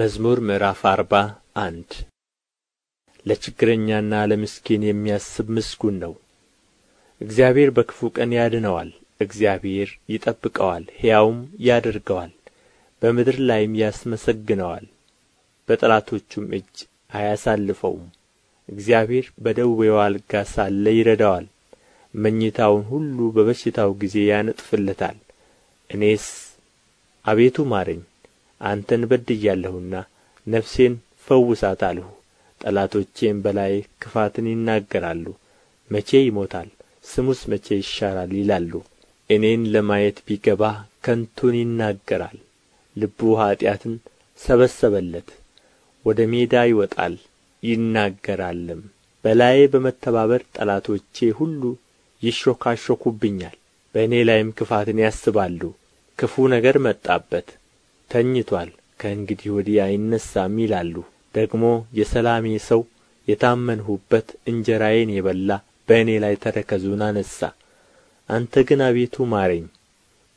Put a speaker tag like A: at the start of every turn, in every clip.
A: መዝሙር ምዕራፍ አርባ አንድ ለችግረኛና ለምስኪን የሚያስብ ምስጉን ነው። እግዚአብሔር በክፉ ቀን ያድነዋል። እግዚአብሔር ይጠብቀዋል፣ ሕያውም ያደርገዋል፣ በምድር ላይም ያስመሰግነዋል፣ በጠላቶቹም እጅ አያሳልፈውም። እግዚአብሔር በደዌው አልጋ ሳለ ይረዳዋል፣ መኝታውን ሁሉ በበሽታው ጊዜ ያነጥፍለታል። እኔስ አቤቱ ማረኝ አንተን በድያለሁና ነፍሴን ፈውሳት አልሁ ጠላቶቼም በላዬ ክፋትን ይናገራሉ መቼ ይሞታል ስሙስ መቼ ይሻራል ይላሉ እኔን ለማየት ቢገባ ከንቱን ይናገራል ልቡ ኃጢአትን ሰበሰበለት ወደ ሜዳ ይወጣል ይናገራልም በላዬ በመተባበር ጠላቶቼ ሁሉ ይሾካሾኩብኛል በእኔ ላይም ክፋትን ያስባሉ ክፉ ነገር መጣበት ተኝቶአል ከእንግዲህ ወዲህ አይነሣም ይላሉ ደግሞ የሰላሜ ሰው የታመንሁበት እንጀራዬን የበላ በእኔ ላይ ተረከዙን አነሣ አንተ ግን አቤቱ ማረኝ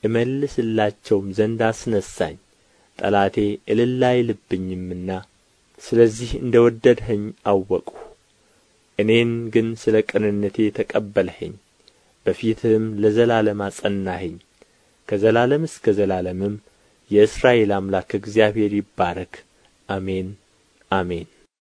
A: እመልስላቸውም ዘንድ አስነሣኝ ጠላቴ እልል አይልብኝምና ስለዚህ እንደ ወደድኸኝ አወቅሁ እኔን ግን ስለ ቅንነቴ ተቀበልኸኝ በፊትህም ለዘላለም አጸናኸኝ ከዘላለም እስከ ዘላለምም የእስራኤል አምላክ እግዚአብሔር ይባረክ አሜን አሜን